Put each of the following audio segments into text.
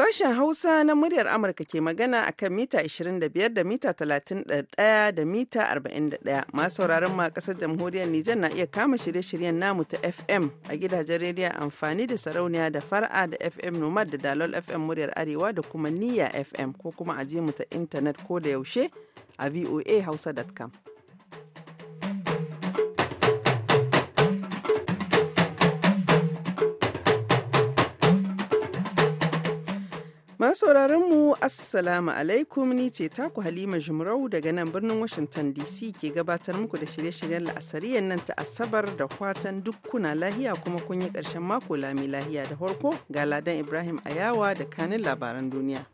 Sashen Hausa na muryar Amurka ke magana a kan mita 25 da mita 31 da mita 41. Masu sauraron ma kasar jamhuriyar Nijar na iya kama shirye-shiryen namu ta FM a gidajen rediyo amfani da sarauniya da fara da FM Nomad da Dalol FM muryar Arewa da kuma niya FM ko kuma a mu ta intanet ko da yaushe a voa voahausa.com. Masu mu Assalamu alaikum ni ce taku Halima Jumrau daga nan birnin Washington DC ke gabatar muku da shirye-shiryen la'asariyar nan ta Asabar da fatan dukkuna lahiya kuma kun yi karshen mako lami lahiya da farko ga Ladan Ibrahim Ayawa da kanin labaran duniya.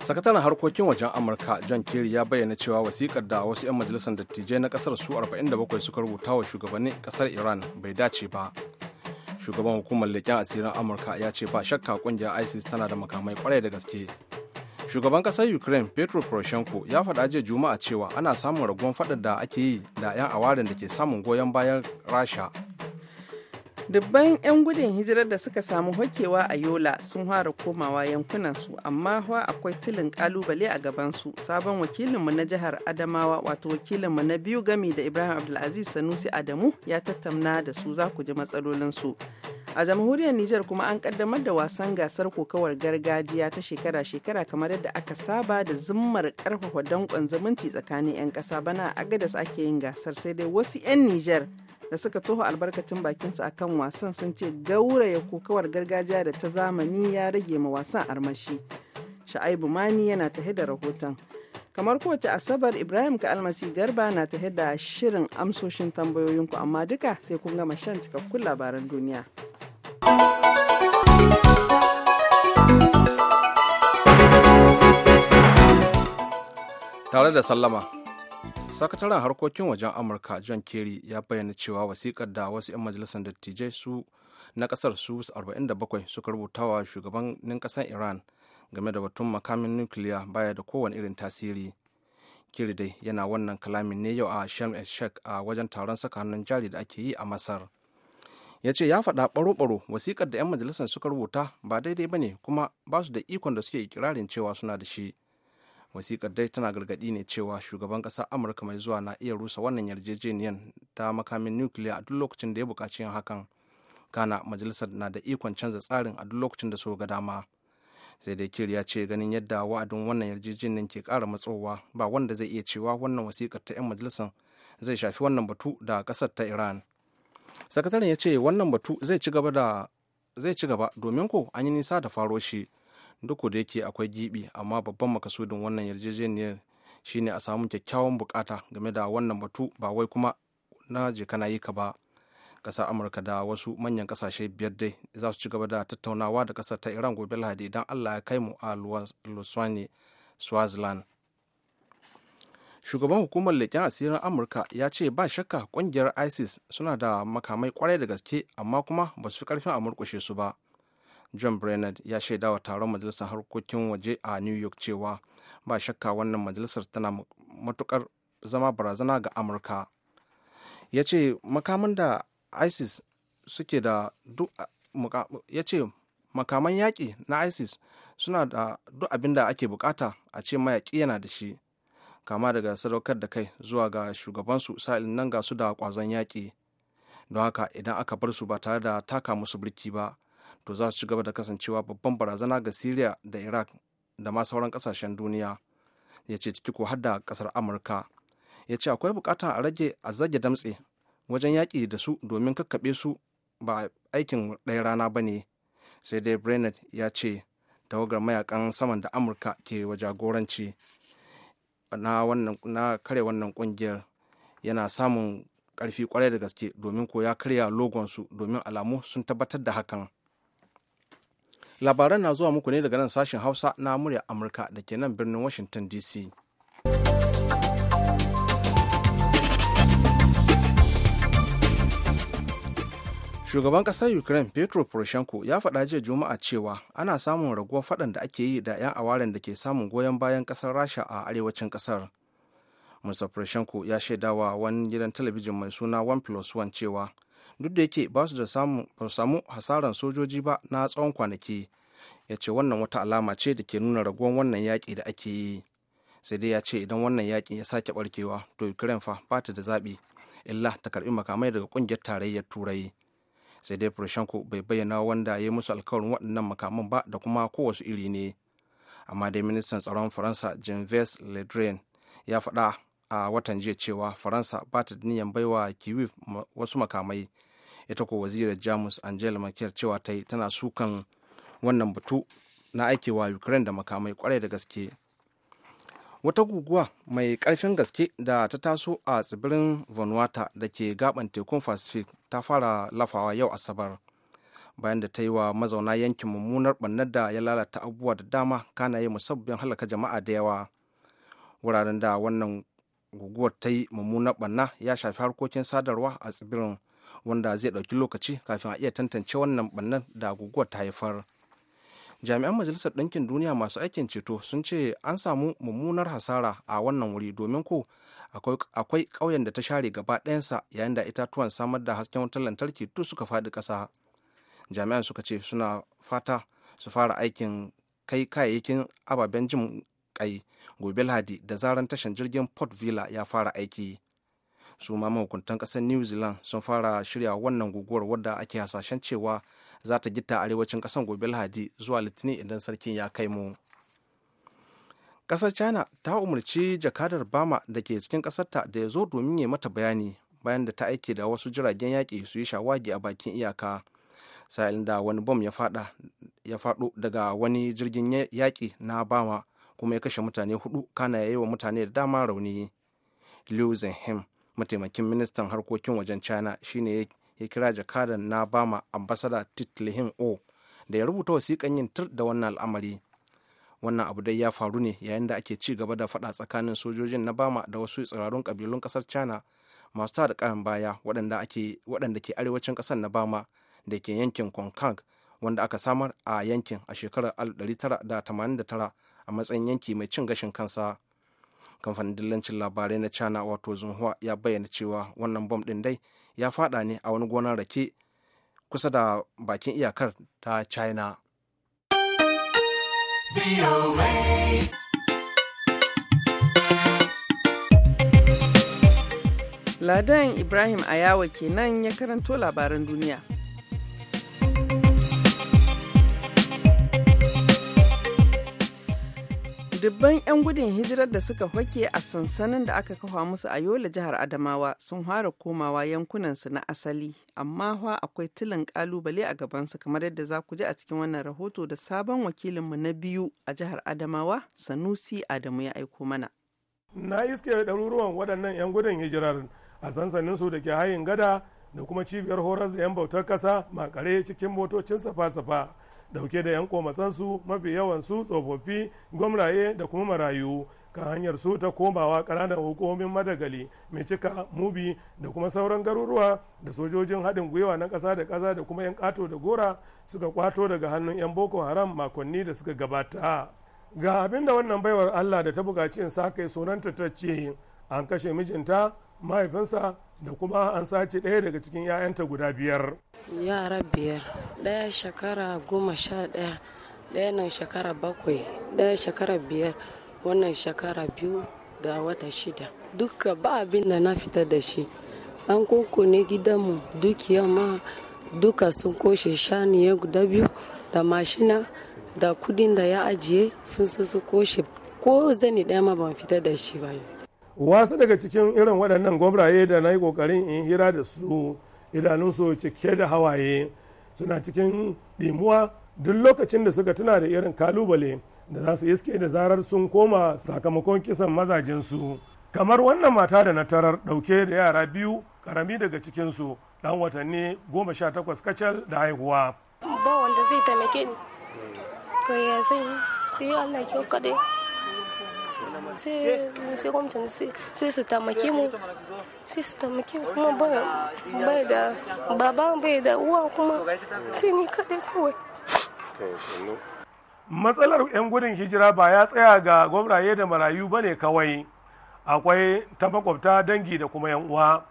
Sakataren harkokin wajen Amurka John Kerry ya bayyana cewa wasikar da wasu 'yan majalisar dattijai na kasar su 47 suka rubuta wa shugabannin kasar Iran bai dace ba. shugaban hukumar leƙen asirin amurka ya ce ba shakka kungiyar isis tana da makamai kwarai da gaske shugaban kasar ukraine petro poroshenko ya faɗa jiya juma'a cewa ana samun raguwan faɗar da ake yi da 'yan awarin da ke samun goyon bayan rasha dubban 'yan gudun hijirar da suka samu hokewa a yola sun fara komawa yankunansu amma fa akwai tilin kalubale a gabansu sabon wakilinmu na jihar adamawa wato wakilinmu na biyu gami da ibrahim abdulaziz sanusi adamu ya tattauna da su za ku ji matsalolinsu a jamhuriyar niger kuma an kaddamar da wasan gasar kokawar gargajiya ta shekara-shekara kamar yadda aka saba da zimmar karfafa dankon zumunci tsakanin 'yan ƙasa bana a agadas ake yin gasar sai dai wasu 'yan niger da suka toho albarkacin bakinsu a kan wasan sun ce gauraya kokawar gargajiya da ta zamani ya rage ma wasan armashi sha'aibu mani yana tahe da rahoton kamar kowace asabar ibrahim ka almasi garba na tahe da shirin amsoshin tambayoyinku amma duka sai kun gama shan cikakkun labaran duniya tare da sallama sakataren harkokin wajen amurka john kerry ya bayyana cewa wasikar da wasu 'yan majalisar dattijai su na kasar su 47 suka rubuta wa shugabannin kasar iran game da batun makamin nukiliya baya da kowane irin tasiri kiri dai yana wannan kalamin ne yau a shan el sheikh a wajen taron saka hannun jari da ake yi a masar ya ce ya faɗa ɓaro-ɓaro wasikar da 'yan majalisar suka rubuta ba daidai ba ne kuma ba su da ikon da suke ikirarin cewa suna da shi wasikar dai tana gargaɗi ne cewa shugaban kasa amurka mai zuwa na iya rusa wannan yarjejeniyar ta makamin nukiliya a duk lokacin da ya bukaci yin hakan kana majalisar na da ikon canza tsarin a duk lokacin da so ga dama sai dai kir ya ce ganin yadda wa'adin wannan yarjejeniyar ke kara matsowa ba wanda zai iya cewa wannan wasikar ta 'yan majalisar zai shafi wannan batu da kasar ta iran sakataren ya ce wannan batu zai ci zai ci gaba domin ko an yi nisa da faro shi duk da yake akwai gibi amma babban makasudin wannan yarjejeniyar shine a samu kyakkyawan bukata game da wannan batu ba wai kuma na je kana yi ka ba ƙasar amurka da wasu manyan ƙasashe biyar dai za su ci gaba da tattaunawa da ƙasar ta iran gobe lahadi idan allah ya kai mu a luswane swaziland shugaban hukumar leƙen asirin amurka ya ce ba shakka ƙungiyar isis suna da makamai kwarai da gaske amma kuma ba su fi ƙarfin a murƙushe su ba john brennan ya shaida wa taron majalisar harkokin waje a new york cewa ba shakka wannan majalisar tana matukar zama barazana ga amurka ya ce makaman da isis suke da ya ce makaman yaƙi na isis suna da duk abin da ake bukata a ce mayaƙi yana da shi kama daga sadaukar da kai zuwa ga shugabansu sa'ilin nan ga su da ƙwazon yaƙi don haka idan aka bar su ba tare da taka musu birki ba to za su ci gaba da kasancewa babban barazana ga syria da iraq da ma sauran kasashen duniya ya ce ciki ko hadda da kasar amurka ya ce akwai bukata a rage a zage damtse wajen yaƙi da su domin kakkaɓe su ba aikin ɗaya rana ba ne sai dai brennan ya ce tawagar mayakan saman da amurka ke wajagoranci jagoranci na, na kare wannan kungiyar yana samun ƙarfi kwarai da gaske domin ko ya karya logonsu domin alamu sun tabbatar da hakan labaran na zuwa muku ne daga nan sashen hausa na murya amurka da ke nan birnin washington dc shugaban ƙasar ukraine petro poroshenko ya faɗa jiya juma'a cewa ana samun raguwar faɗan da ake yi da 'yan awaren da ke samun goyon bayan ƙasar rasha a arewacin ƙasar mr poroshenko ya shaidawa wani gidan talabijin mai suna 1+1 plus cewa duk da yake ba su da samu hasaran sojoji ba na tsawon kwanaki ya ce wannan wata alama ce da ke nuna raguwan wannan yaƙi da ake yi sai dai ya ce idan wannan yaƙi ya sake barkewa to ukraine fa ba ta da zaɓi illa ta karɓi makamai daga ƙungiyar tarayyar turai sai dai poroshenko bai bayyana wanda ya yi musu alkawarin waɗannan makaman ba da kuma kowasu iri ne amma dai ministan tsaron faransa jean-ves le ya faɗa a watan jiya cewa faransa ba ta da niyan baiwa kiwi wasu makamai ita ko wazirar jamus angela merkel cewa ta yi tana sukan wannan batu na aikewa ukraine da makamai kwarai da gaske wata guguwa mai karfin gaske da ta taso a tsibirin vanuata da ke gaban tekun pacific ta fara lafawa yau asabar bayan da ta yi wa mazauna yankin mummunar bannar da ya lalata abubuwa da dama kana yi musabbin halaka jama'a da yawa wuraren da wannan guguwar ta yi mummunar banna ya shafi harkokin sadarwa a tsibirin wanda zai ɗauki lokaci kafin a iya tantance wannan bannan da guguwar ta haifar jami'an majalisar ɗinkin duniya masu aikin ceto sun ce an samu mummunar hasara a wannan wuri domin ko akwai ƙauyen da ta share gaba ɗayansa yayin da itatuwan samar da hasken wutar lantarki duk suka faɗi ƙasa jami'an suka ce suna fata su fara aikin kai kayayyakin ababen jin kai gobe lahadi da zaran tashan jirgin port villa ya fara aiki su ma mahukuntan kasar new zealand sun fara shirya wannan guguwar wadda ake hasashen cewa za ta gita arewacin kasan gobe lahadi zuwa litinin idan sarkin ya kai mu kasar china ta umarci jakadar bama da ke cikin kasarta da ya zo domin ya mata bayani bayan da ta aiki da wasu jiragen yaƙi su yi shawagi a bakin iyaka sa'ilin da wani bom ya fado daga wani jirgin yaƙi na bama kuma ya kashe mutane hudu kana ya yi wa mutane da dama rauni liu zhenhim mataimakin ministan harkokin wajen china shine ya kira jakadan na bama ambasada titlihin o da ya rubuta wasiƙan yin tur da wannan al'amari wannan abu dai ya faru ne yayin da ake ci gaba da fada tsakanin sojojin na bama da wasu tsirarun ƙabilun ƙasar china masu tada ƙarin baya waɗanda ke arewacin ƙasar na bama da ke yankin konkang wanda aka samar a yankin a shekarar 1989 a matsayin yanki mai cin gashin kansa kamfanin dillancin labarai na china wato zunhua ya bayyana cewa wannan bom ɗin dai ya fada ne a wani gonar rake kusa da bakin iyakar ta china Ladan Ibrahim Ayawa kenan ya karanto labaran duniya. Dubban 'yan gudun hijirar da suka hoke a sansanin da aka kafa musu a Yola jihar Adamawa sun fara komawa yankunansu na asali, amma fa akwai tilin kalubale a gabansu kamar yadda za ku ji a cikin wannan rahoto da sabon wakilinmu na biyu a jihar Adamawa, Sanusi Adamu ya aiko mana. Na iske da ɗaruruwan waɗannan 'yan gudun hijirar a sansaninsu da ke hayin gada da kuma cibiyar horar da 'yan bautar ƙasa makare cikin motocin safa-safa. dauke da 'yan komatsansu mafi yawan su tsofaffi gwamraye da kuma marayu kan hanyar su ta komawa ƙananan hukumomin madagali mai cika mubi da kuma sauran garuruwa da sojojin haɗin gwiwa na ƙasa da ƙasa da kuma 'yan ƙato da gora suka kwato daga hannun 'yan boko haram makonni da suka gabata ga abin da wannan baiwar allah da ta buƙaci in sa kai sunanta ta ce an kashe mijinta mahaifinsa da kuma an sace ɗaya daga cikin 'ya'yanta guda biyar yara biyar ɗaya shekara goma sha ɗaya ɗaya nan shekara bakwai ɗaya shekara biyar wannan shekara biyu da wata shida duka ba abin da na fita da shi an ne gidanmu dukiya ma duka sun koshe ya guda biyu da mashina da kudin da ya ajiye sun su koshe ko zani ɗaya ma ban fita da shi ba wasu daga cikin irin waɗannan gwamraye da na yi ƙoƙarin in hira da su idanunsu cike da hawaye suna cikin ɗimuwa duk lokacin da suka tuna da irin kalubale da za su iske da zarar sun koma sakamakon kisan mazajensu kamar wannan mata da na tarar ɗauke da yara biyu karami daga cikinsu ɗan watanni goma sha takwas kacal da haihuwa ba wanda zai taimake ni ko ya sai Allah kyau kaɗai kuma bai da uwa kuma sai ni matsalar 'yan gudun hijira ba ya tsaya ga gwamnaye da marayu ba ne kawai akwai ta makwabta dangi da kuma 'yan uwa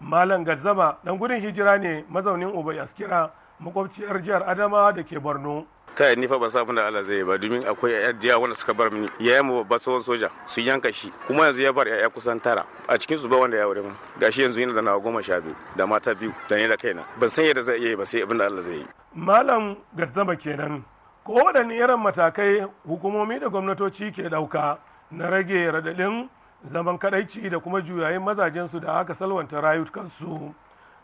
malam gazzama dan gudun hijira ne mazaunin ubai askira makwabciyar jihar adama da ke borno ta ni fa ban sa da Allah zai ba domin akwai yadda wanda suka bar mini yaya mu babba tsohon soja su yanka shi kuma yanzu ya bar yaya kusan tara a cikin su ba wanda ya wuri mun gashi yanzu yana da nawa goma sha biyu da mata biyu da ni da kaina ban san yadda zai yi ba sai abin da Allah zai yi malam gazzaba kenan ko waɗanne irin matakai hukumomi da gwamnatoci ke ɗauka na rage radadin zaman kadaici da kuma juyayin su da aka salwanta rayukansu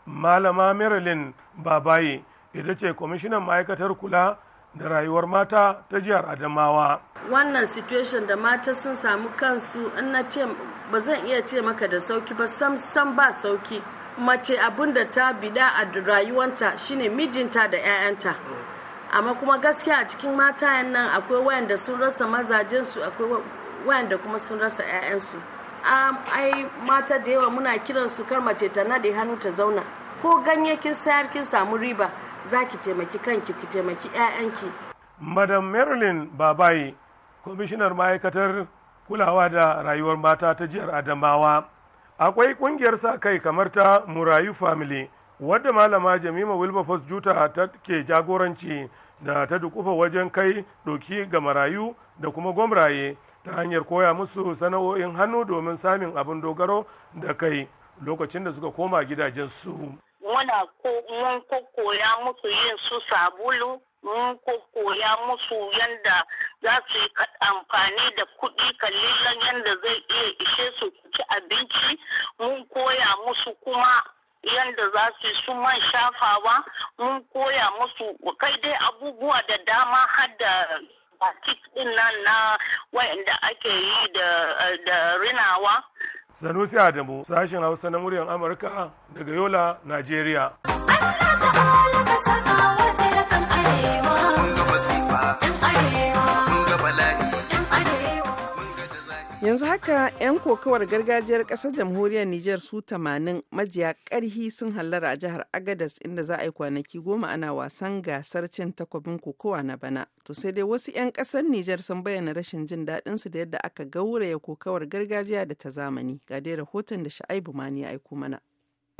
malama marilyn babaye ita ce kwamishinan ma'aikatar kula da rayuwar mata ta jihar Adamawa. Wannan situation da mata sun samu kansu in na ce ba zan iya ce maka da sauki ba sam sam ba sauki. Mace abun da ta bida a rayuwanta shine mijinta da 'ya'yanta. Amma kuma gaskiya a cikin mata nan akwai wayanda sun rasa mazajensu akwai wayanda kuma sun rasa 'ya'yansu. ai mata da yawa muna kiransu kar mace ta nade hannu ta zauna. Ko ganye kin sayar kin samu riba. za ki taimaki kanki ki taimaki 'ya'yanki. madam marilyn Babai, kwamishinar ma'aikatar kulawa da rayuwar mata ta jihar adamawa akwai kungiyar sa kai kamar ta murayu family wadda malama jamima wilberforce juta ta ke jagoranci da ta dukufa wajen kai doki ga marayu da kuma gwamraye ta hanyar koya musu sana'o'in hannu domin samun abin dogaro da kai lokacin da suka koma gidajensu. muna mun koya musu yin su sabulu mun koya musu yanda za su yi amfani da kuɗi kalilan yanda zai iya ishe su ci abinci mun koya musu kuma yanda za su yi su man shafawa mun koya musu kai dai abubuwa da dama har da batik din nan na wayanda ake yi da rinawa Sanusi Adamu, sashen Hausa na muryar Amurka daga Yola, Najeriya. Allah yanzu haka 'yan kokawar gargajiyar ƙasar jamhuriyar Nijar su 80 majiya ƙarhi sun hallara a jihar Agadas inda za a yi kwanaki goma ana wasan gasar cin takwabin kokowa na bana. To sai dai wasu 'yan ƙasar Nijar sun bayyana rashin jin daɗin su da yadda aka gauraya kokawar gargajiya da ta zamani. Ga dai rahoton da Sha'aibu Mani ya aiko mana.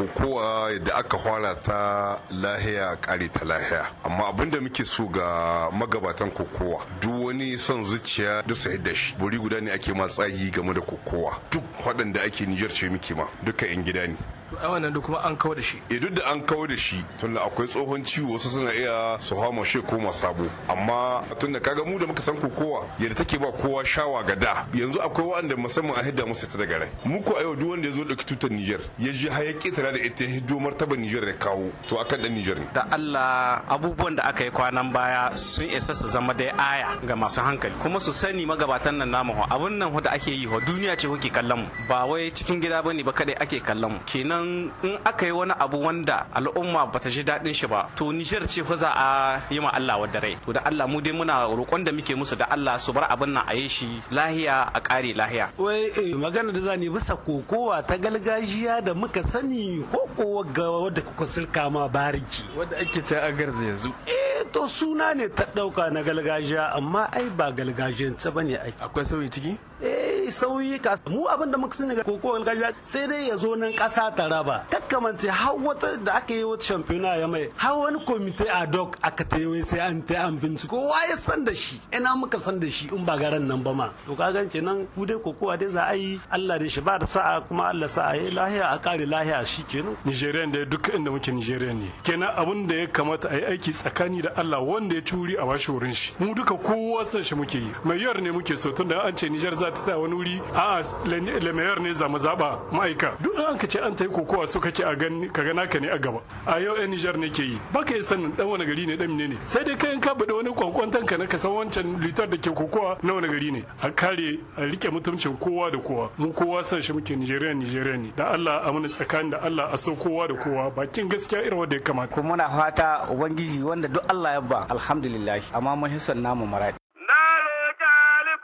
Kokowa yadda aka fara ta lahiya kare ta lahiya amma abin da muke so ga magabatan kokowa duk wani son zuciya duk sai da shi buri guda ne ake ma tsayi game da kokowa duk waɗanda ake nijar ce muke ma duka yan gida ne a wannan duk kuma an kawar da shi e duk da an kawar da shi tunda akwai tsohon ciwo wasu suna iya su hama shi ko sabo amma tunda kaga mu da muka san kokowa yadda take ba kowa shawa ga da yanzu akwai waɗanda musamman a hidda musu ta daga rai mu ko a yau duk wanda ya zo ɗauki tutar Nijar ya je har ya ƙetare da ita hiddo martaba Nijar ya kawo to akan dan Nijar da Allah abubuwan da aka yi kwanan baya sun isa su zama dai aya ga masu hankali kuma su sani magabatan nan namu abun nan da ake yi duniya ce kuke kallon mu ba wai cikin gida bane ba kadai ake kallon mu kenan in aka yi wani abu wanda al'umma ba ta ji daɗin shi ba to Nijar ce fa za a yi ma Allah wa rai to da Allah mu dai muna roƙon da muke musu da Allah su bar abun nan a yi shi lahiya a ƙare lahiya wai eh, magana da zani bisa kokowa ta galgajiya da muka sani ko ko wadda kuka silka ma bariki wadda ake ce agarza yanzu eh Eh, to suna ne ta ɗauka na galgajiya amma ai ba galgajiyance ba ne ai akwai sauyi ciki eh sauyi ka mu abin da muka sani koko galgajiya sai dai ya zo nan ƙasa ta raba Takkamance har wata da aka yi wata shampiyona ya mai har wani komite a dok aka ta yi sai an ta an binciko kowa ya san da shi ina muka san da shi in ba garan nan ba ma to ka gan kenan ku dai koko dai za a yi Allah da shi ba da sa'a kuma Allah sa'a ya lahiya a kare lahiya shi kenan Nigerian da duk inda muke Nigerian ne kenan abin da ya kamata a yi aiki tsakani da Allah wanda ya turi a washe wurin shi mu duka kowa san shi muke yi mayor ne muke so tunda an ce Niger za ta ta wani wuri a le mayor ne za mu zaba ma'aika duk an ka ce an ta yi kokowa so kake a gani ka gana ka ne a gaba a yau ɗan Niger ne ke yi baka yi sanin dan wani gari ne dan ne sai dai kayan ka bada wani kwankwantan ka na ka san wancan litar da ke kokowa na wani gari ne a kare a rike mutuncin kowa da kowa mu kowa san shi muke Nigeria Nigeria ne da Allah a mana tsakanin da Allah a so kowa da kowa bakin gaskiya irin wanda ya kamata kuma muna fata ubangiji wanda duk Allah ya ba alhamdulillah amma mun hisan namu maradi kaddara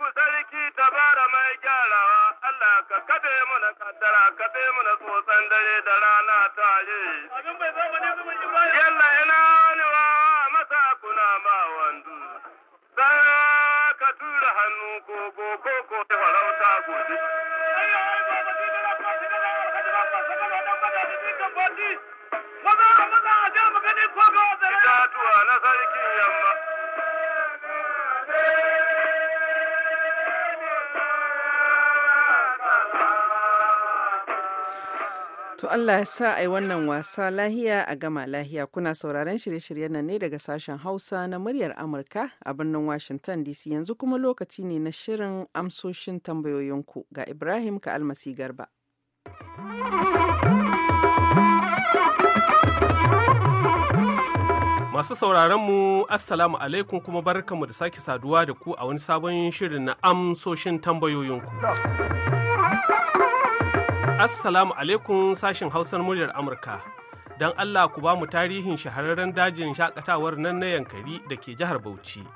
ka bi tsotsan dare da rana ta yi. Abin bai Yalla ina ne wa masa kuna ma wandu. Sai ka tura hannu ko ko ko ko farauta gobe. Ayyo, yamma. To Allah ya sa a wannan wasa lahiya a gama lahiya kuna sauraron shirye-shiryen nan ne daga sashen Hausa na muryar Amurka a birnin Washington DC yanzu kuma lokaci ne na shirin amsoshin tambayoyinku ga Ibrahim ka almasi garba. Masu sauraron mu Assalamu alaikum kuma barkanmu da sake saduwa da ku a wani sabon shirin na amsoshin tambayoyinku. Assalamu alaikum sashin Hausar muryar Amurka. Don Allah ku ba mu tarihin shahararren dajin shakatawar nan na Yankari da ke jihar Bauchi.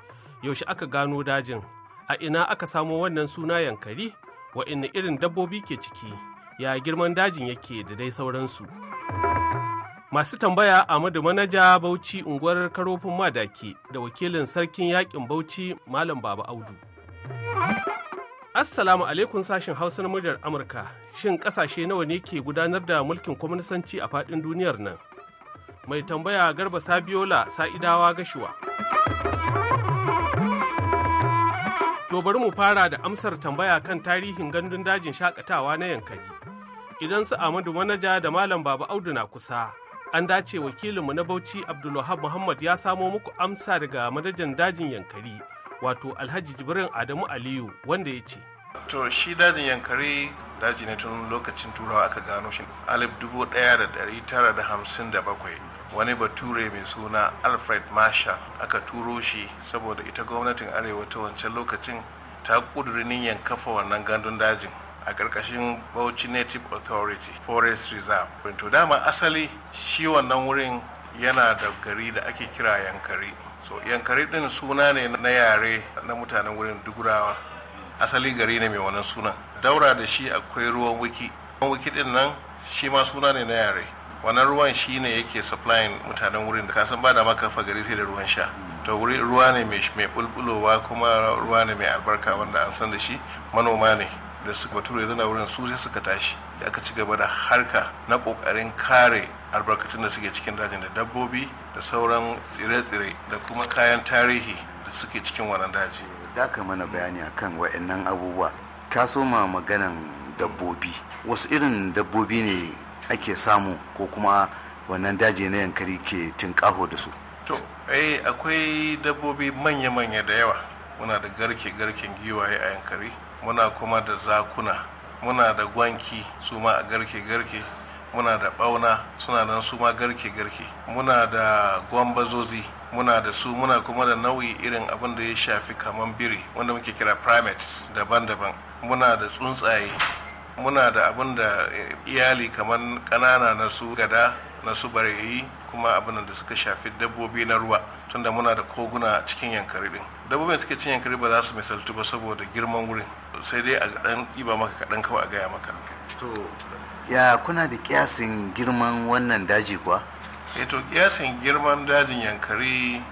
Yaushe aka gano dajin? A ina aka samo wannan suna Yankari? Wa'inne irin dabbobi ke ciki? Ya girman dajin yake da dai sauransu. masu tambaya Ahmadu Manaja Bauchi unguwar Karofin Madaki da wakilin sarkin yakin Bauchi Malam Baba Audu. Assalamu alaikum sashin Hausa na muryar Amurka. Shin kasashe nawa ne ke gudanar da mulkin kwamnisanci a faɗin duniyar nan? Mai tambaya Garba Sabiola Sa'idawa Gashuwa. To bari mu fara da amsar tambaya kan tarihin gandun dajin shakatawa na Yankari. Idan su Ahmadu Manaja da Malam Baba Audu na kusa, an dace wakilinmu na bauchi abdulwahab muhammad ya samo muku amsa daga manajan dajin yankari wato alhaji jibrin adamu aliyu wanda ya ce to shi dajin yankari daji ne tun lokacin turawa aka gano shi alif dubu daya da dari tara da hamsin da bakwai wani bature mai suna alfred marshall aka turo shi saboda ita gwamnatin arewa ta wancan lokacin ta kudurinin yankafa wannan gandun dajin a ƙarƙashin Bauchi Native Authority Forest Reserve. To dama asali shi wannan wurin yana da gari da ake kira Yankari. So Yankari ɗin suna ne na yare na mutanen wurin Dugurawa. Asali gari ne mai wannan sunan. Daura da shi akwai ruwan wiki. Ruwan wiki ɗin nan shi ma suna ne na yare. Wannan ruwan shi ne yake supplying mutanen wurin da kasan ba da maka gari sai da ruwan sha. to wuri ruwa ne mai bulbulowa kuma ruwa ne mai albarka wanda an san da shi manoma ne da su bature zana wurin su sai suka tashi da aka ci gaba da harka na kokarin kare albarkatun da suke cikin dajin da dabbobi da sauran tsire-tsire da kuma kayan tarihi da suke cikin wannan daji da ka mana bayani akan wa'annan abubuwa ka soma maganan dabbobi wasu irin dabbobi ne ake samu ko kuma wannan daji na yankari ke tinkaho da su to eh akwai dabbobi manya-manya da yawa muna da garke garken giwaye a yankari muna kuma da zakuna muna da gwanki su ma a garke-garke muna da ɓauna suna nan su ma garke-garke muna da gwambazozi muna da su muna kuma da nau'i irin abin da ya shafi kaman biri wanda muke kira primates daban-daban muna da tsuntsaye muna da abin da iyali kaman ƙanana na su gada na su barayi kuma abin da suka shafi dabbobi na ruwa tunda muna da koguna a cikin yankari din dabbobin suke cin yankari ba za su misaltu ba saboda girman wurin sai dai a dan ɗiba maka kaɗan kawai a gaya maka to ya kuna da kiyasin girman wannan daji kuwa eh to kiyasin girman dajin yankari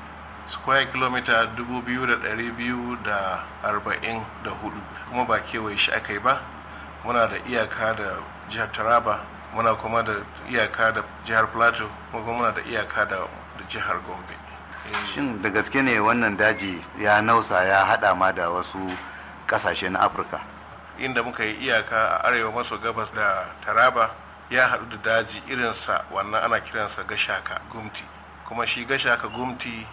square kilomita hudu. kuma ba kewaye shi aka yi ba muna da iyaka da jihar taraba muna kuma da iyaka da jihar plateau kuma muna da iyaka da jihar gombe eh. shin da gaske ne wannan daji ya nausa ya hada ma da wasu kasashe na afirka inda muka yi iyaka a arewa maso gabas da taraba ya haɗu da daji irinsa wannan ana kiransa gashaka gumti kuma shi gashaka gumti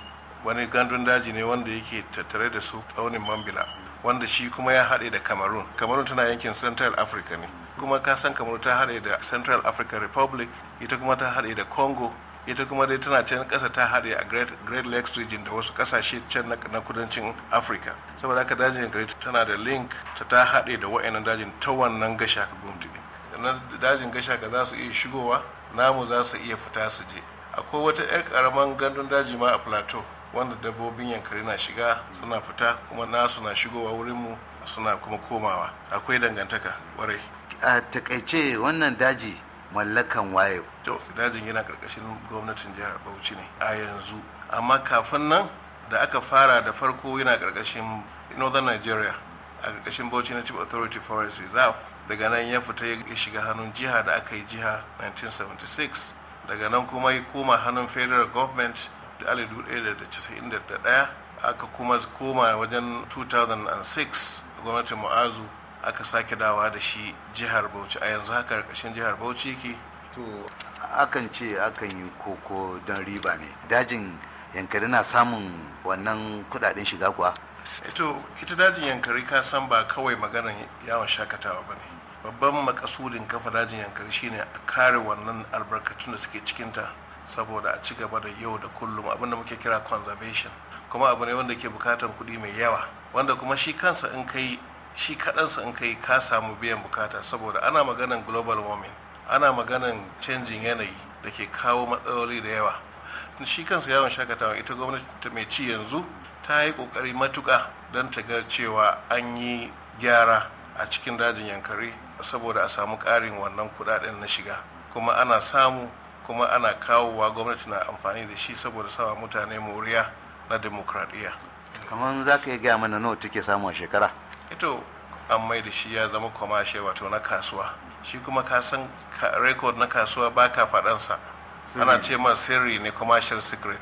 wani gandun daji ne wanda yake tattare da su tsaunin mambila wanda shi kuma ya haɗe da cameroon cameroon tana yankin central africa ne kuma ka san kamar ta haɗe da central african republic ita kuma ta haɗe da congo ita kuma dai tana can ƙasa ta haɗe a great lakes region da wasu ƙasashe can na kudancin africa saboda haka dajin yankari tana da link ta ta haɗe da wa'annan dajin ta wannan gasha ka gomti na dajin gasha ka za su iya shigowa namu za su iya fita su je akwai wata 'yar karaman gandun daji ma a plateau wanda dabbobin yankari na shiga suna fita kuma nasu na shigowa wurinmu suna kuma komawa akwai dangantaka kwarai a takaice wannan daji mallakan waye to dajin yana karkashin gwamnatin jihar bauchi ne a yanzu amma kafin nan da aka fara da farko yana karkashin northern nigeria a karkashin bauchi na chief authority forest reserve daga nan ya fita ya shiga hannun jiha da aka yi jiha 1976 daga nan kuma ya koma hannun federal government da 1991 aka kuma koma wajen 2006 gwamnatin mu'azu aka sake dawa da shi jihar bauchi a yanzu haka karkashin jihar bauchi ke to akan ce akan yi koko don riba ne dajin yankari na samun wannan kudaden shiga kuwa eh ita dajin yankari ka san ba kawai maganar yawon shakatawa ba ne babban makasudin kafa dajin yankari shine a kare wannan albarkatun da suke cikinta saboda a ci gaba da yau da kullum abinda muke kira conservation kuma abu ne wanda ke bukatar kuɗi mai yawa wanda kuma shi kansa in kai shi kaɗansa in kai ka samu biyan bukata saboda ana maganan global warming ana maganan canjin yanayi da ke kawo matsaloli da yawa shi kansa yawon shakatawa ita gwamnati mai ci yanzu ta yi ƙoƙari matuƙa don ta ga cewa an yi gyara a cikin dajin yankari saboda a samu ƙarin wannan kuɗaɗen na shiga kuma ana samu kuma ana kawowa gwamnati na amfani da shi saboda sawa mutane moriya na demokradiyya kamar za ka yi gaya mana nawa take samu a shekara ito an mai da shi ya zama kwamashe wato na kasuwa shi kuma ka san rekod na kasuwa ba ka faɗansa ana ce ma sirri ne commercial secret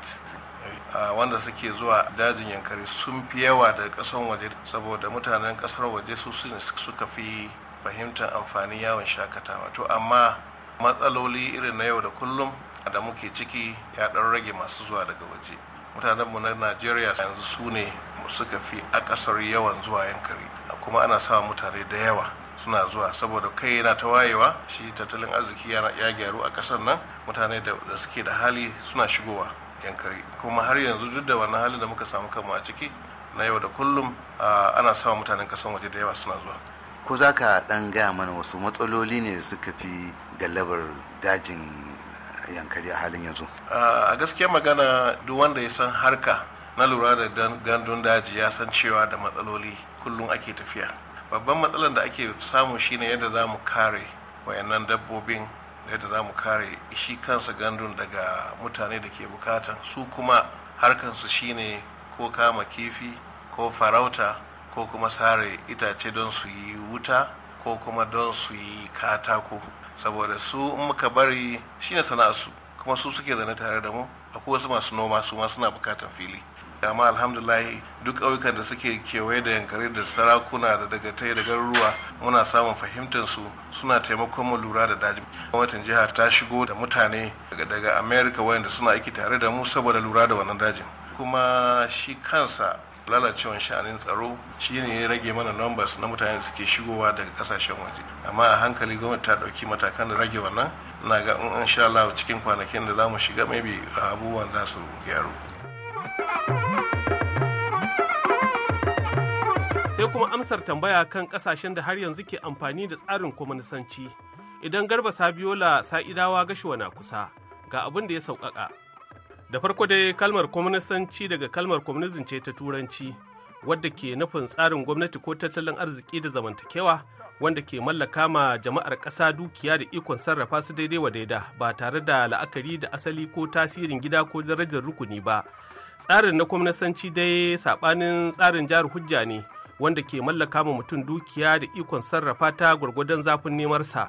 wanda suke zuwa dajin yankari sun fi yawa da kasan waje saboda mutanen ƙasar waje su suka fi fahimtar amfanin yawon shakatawa to amma matsaloli irin na yau da kullum da muke ciki ya ɗan rage masu zuwa daga waje mutanen mu na najeriya yanzu su ne suka fi a ƙasar yawan zuwa yankari kuma ana sa mutane da yawa suna zuwa saboda kai yana ta wayewa shi tattalin arziki ya gyaru a kasar nan mutane da suke da hali suna shigowa yankari kuma har yanzu duk da wannan halin da muka samu kanmu a ciki na yau da kullum ana sa mutanen ƙasar waje da yawa suna zuwa ko za ka dan gaya mana wasu matsaloli ne suka fi galabar dajin yankari a halin yanzu a gaskiya magana duk wanda ya san harka na lura da gandun daji ya san cewa da matsaloli kullum ake tafiya babban matsalar da ake samu shine yadda za mu kare wayannan dabbobin da yadda za mu kare shi kansa gandun daga mutane da ke bukatan su kuma harkansu shine ko kama kifi ko farauta ko kuma sare itace don su yi wuta ko kuma don su yi katako saboda su in muka bari shine sana'arsu kuma su suke zane tare da mu akwai wasu masu noma su ma suna bukatan fili amma alhamdulillah duk ƙauyukan da suke kewaye da yankari da sarakuna da dagatai da garuruwa muna samun fahimtar su suna taimakon mu lura da daji gwamnatin jihar ta shigo da mutane daga america wayanda suna aiki tare da mu saboda lura da wannan dajin kuma shi kansa lalacewan sha'anin tsaro shi ne ya rage mana numbers na mutane da suke shigowa daga kasashen waje amma a hankali gwamnati ta dauki matakan da rage wannan na ga in sha Allah cikin kwanakin da zamu shiga maybe abubuwan za su gyaru sai kuma amsar tambaya kan kasashen da har yanzu ke amfani da tsarin kwamanisanci idan garba sabiola sa'idawa gashuwa na kusa ga abin da ya sauƙaƙa da farko dai kalmar kwaminisanci daga kalmar kwamnizin ce ta turanci wadda ke nufin tsarin gwamnati ko tattalin arziki da zamantakewa wanda ke mallaka ma jama'ar ƙasa dukiya da ikon sarrafa su daidai wa daida ba tare da la'akari da asali ko tasirin gida ko darajar rukuni ba tsarin na kwamnasanci dai saɓanin tsarin jihar hujja ne wanda ke mallaka ma mutum dukiya da ikon sarrafa ta gwargwadon zafin nemarsa. sa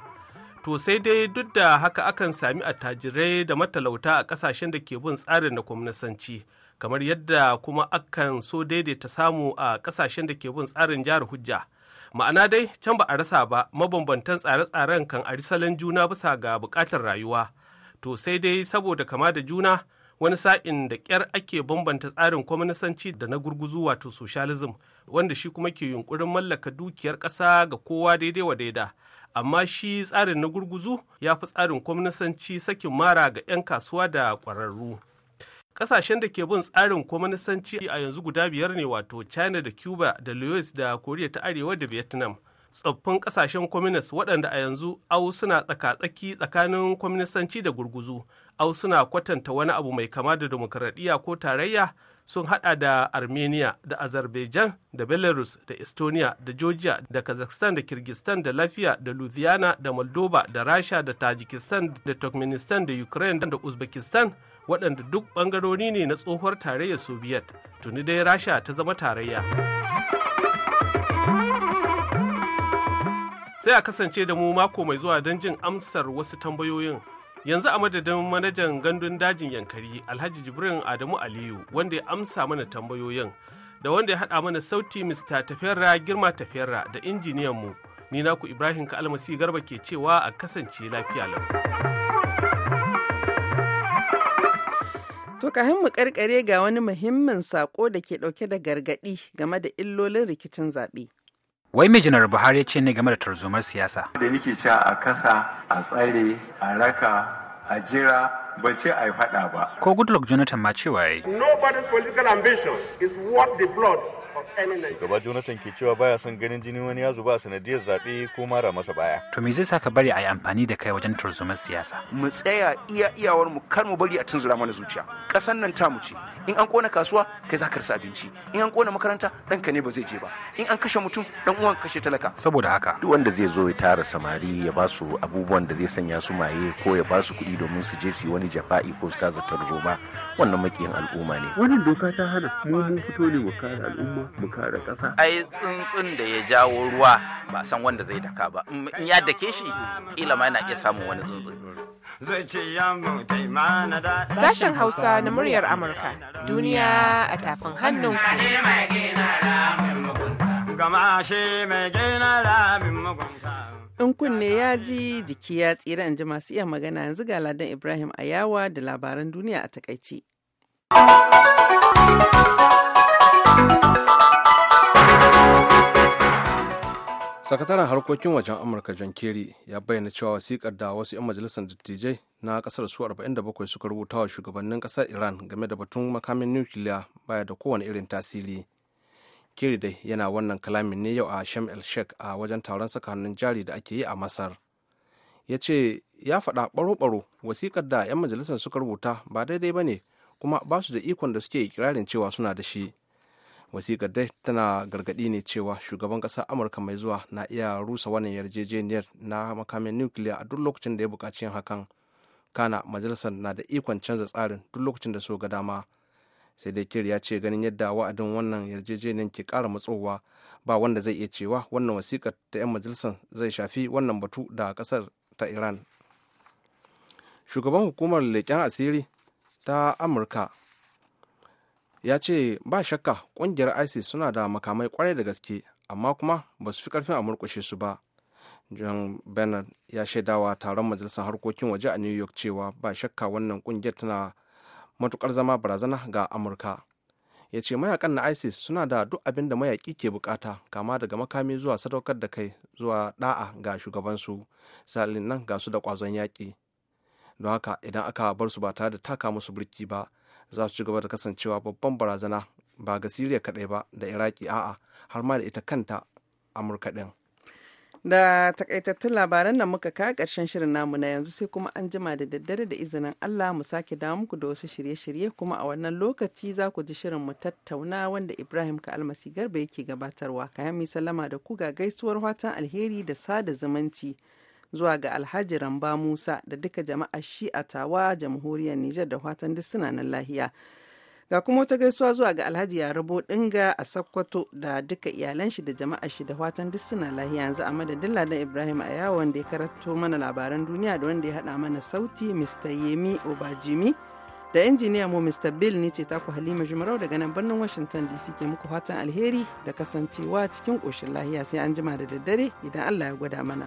To sai dai duk da haka akan sami attajirai da matalauta a ƙasashen da ke bin tsarin na kwamnasanci, kamar yadda kuma akan so daidaita samu a ƙasashen da ke bin tsarin jihar hujja. Ma'ana dai can ba a rasa ba mabambantan tsare-tsaren kan ari salon juna bisa ga bukatar rayuwa. To sai dai saboda kama da juna wani sa'in da ƙyar ake bambanta tsarin kwamnasanci da na gurguzu wato socialism wanda shi kuma ke yunkurin mallaka dukiyar ƙasa ga kowa daidai wa daida amma shi tsarin na gurguzu ya fi tsarin kwamnisanci sakin mara ga 'yan kasuwa da ƙwararru Ƙasashen da ke bin tsarin kwamnisanci a yanzu guda biyar ne wato china da cuba da laos da koriya ta arewa da vietnam tsoffin ƙasashen kwaminis waɗanda a yanzu au suna tsaka-tsaki tsakanin kwaminisanci da gurguzu au suna kwatanta wani abu mai kama da demokradiyya ko tarayya sun hada da armenia da azerbaijan da belarus da estonia da georgia da kazakhstan da kirgistan da lafiya da louisiana da moldova da rasha da tajikistan da turkmenistan da ukraine da uzbekistan waɗanda duk ɓangarori ne na tsohuwar tarayyar soviet tuni dai rasha ta zama tarayya sai a kasance da mu mako mai zuwa don jin amsar wasu tambayoyin yanzu a madadin manajan gandun dajin yankari alhaji jibrin adamu aliyu wanda ya amsa mana tambayoyin da wanda ya haɗa mana sauti mr tafiyarra girma tafiyarra da injiniyan mu ni naku ibrahim kalmasi garba ke cewa a kasance lafiya lau To mu karkare ga wani muhimmin sako da ke dauke da gargadi game da illolin rikicin zaɓe. wai mai janar buhari ya ce ne game da tarzomar siyasa da nake cewa a kasa a tsare a raka a jira ban ce a yi faɗa ba ko goodluck jonathan ma cewa ya yayi nobody's political ambition is worth the blood gaba Jonathan ke cewa baya son ganin jini wani ya zuba sanadiyar zaɓe ko mara masa baya. To me zai saka bari a yi amfani da kai wajen turzumar siyasa? Mu tsaya iya iyawar mu kar mu bari a tunzura mana zuciya. Ƙasar nan ta mu ce. In an kona kasuwa kai za ka rasa abinci. In an kona makaranta ɗanka ne ba zai je ba. In an kashe mutum dan uwan kashe talaka. Saboda haka. Duk wanda zai zo ya tara samari ya ba su abubuwan da zai sanya su maye ko ya ba su kuɗi domin su je su wani jafa'i ko su tarzoma wannan makiyin al'umma ne. Wannan doka ta hana mu fito ne mu al'umma mu kare ƙasa ai tsuntsun da ya jawo ruwa ba san wanda zai daka ba in ya dake shi kila ma yana iya samun wani tsuntsun Sashen Hausa na muryar Amurka, duniya a tafin hannun In kunne ya ji jiki ya tsira in ji masu iya magana yanzu ga Ladan Ibrahim Ayawa da labaran duniya a takaici. sakataren harkokin wajen amurka john kerry ya bayyana cewa wasikar da wasu 'yan majalisar dattijai na kasar su 47 suka rubuta wa shugabannin kasar iran game da batun makamin nukiliya baya da kowane irin tasiri kerry dai yana wannan kalamin ne yau a shem el sheikh a wajen taron saka hannun jari da ake yi a masar ya ce ya faɗa ɓaro-ɓaro wasikar da 'yan majalisar suka rubuta ba daidai ba ne kuma ba su da ikon da suke ikirarin cewa suna da shi wasikar dai tana gargaɗi ne cewa shugaban ƙasar amurka mai zuwa na iya rusa wannan yarjejeniyar na makamin nukiliya a duk lokacin da ya bukaci yin hakan kana majalisar na da ikon canza tsarin duk lokacin da so ga dama sai dai kir ya ce ganin yadda wa'adin wannan yarjejeniyar ke kara matsowa ba wanda zai iya cewa wannan wasikar ta 'yan majalisar zai shafi wannan batu da kasar ta iran shugaban hukumar leƙen asiri ta amurka ya ce ba shakka kungiyar isis suna da makamai kwarai da gaske amma kuma ba su fi karfin a murkushe su ba john bernard ya shaidawa taron majalisar harkokin waje a new york cewa ba shakka wannan kungiyar tana matukar zama barazana ga amurka ya ce mayakan na isis suna da duk abin da mayaki ke bukata kama daga makami zuwa sadaukar da kai zuwa da'a ga shugabansu salin nan ga su da kwazon yaƙi don haka idan aka bar su ba tare da taka musu birki ba za su ci gaba da kasancewa babban barazana ba ga siriya kaɗai ba da iraki a'a har ma da ita kanta amurka ɗin da takaitattun labaran nan muka ka karshen shirin namu na yanzu sai kuma an jima da daddare da izinin Allah mu sake dawo muku da wasu shirye-shirye kuma a wannan lokaci za ku ji shirin mu tattauna wanda Ibrahim ka almasi garba yake gabatarwa kayan mi sallama da ku ga gaisuwar watan alheri da sada zumunci zuwa ga Alhaji Ramba Musa da duka jama'a shi a tawa jamhuriyar Nijar da fatan duk suna nan lahiya. Ga kuma wata gaisuwa zuwa ga Alhaji ya rabo Dinga a Sakkwato da duka iyalan shi da jama'ar shi da fatan duk suna lahiya yanzu a madadin Ladan Ibrahim Ayawa wanda ya karanto mana labaran duniya da wanda ya haɗa mana sauti Mr. Yemi Obajimi. da injiniya mu Mr. Bill ne ce taku Halima jimarau daga nan birnin Washington DC ke muku fatan alheri da kasancewa cikin koshin lahiya sai an jima da daddare idan Allah ya gwada mana.